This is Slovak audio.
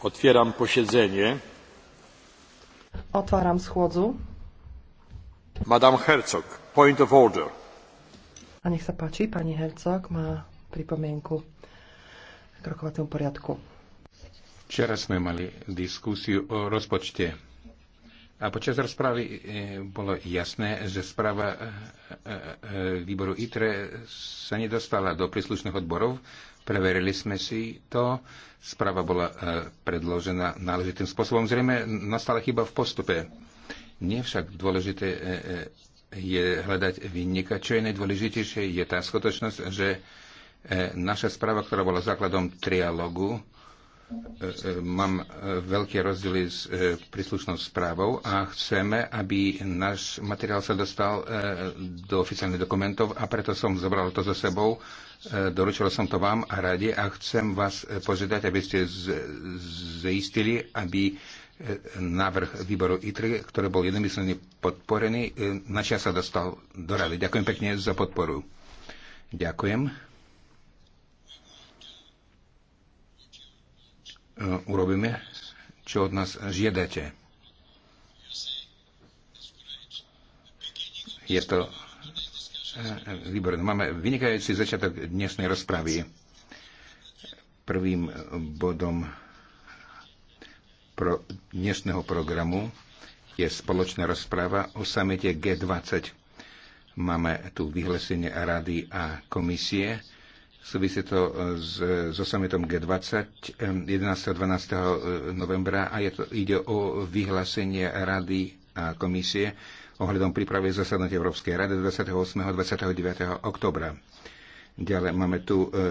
otvieram posiedzenie otváram schôdzu madame herczog point of order a nech sa páči pani herczog má pripomienku k rokovaciemu poriadku včera sme mali diskusiu o rozpočte a počas rozpravy e, bolo jasné, že správa e, e, výboru ITRE sa nedostala do príslušných odborov. Preverili sme si to. Správa bola predložená náležitým spôsobom. Zrejme nastala chyba v postupe. Nie však dôležité je hľadať vynika. Čo je najdôležitejšie, je tá skutočnosť, že naša správa, ktorá bola základom trialogu, E, e, mám e, veľké rozdiely s príslušnou správou a chceme, aby náš materiál sa dostal do oficiálnych dokumentov a preto som zobral to so sebou. Doručil som to vám a rade a chcem vás požiadať, aby ste zistili, aby návrh výboru ITRE, ktorý bol jednomyslne podporený, načia sa dostal do rady. Ďakujem pekne za podporu. Ďakujem. E, urobíme, čo od nás žiadate. Je to e, výborné. Máme vynikajúci začiatok dnešnej rozpravy. Prvým bodom pro dnešného programu je spoločná rozpráva o samete G20. Máme tu vyhlesenie Rady a komisie. Súvisí to e, s, so summitom G20 11. a 12. novembra a je to, ide o vyhlásenie Rady a komisie ohľadom prípravy zasadnutia Európskej rady 28. a 29. oktobra. Ďalej máme tu e,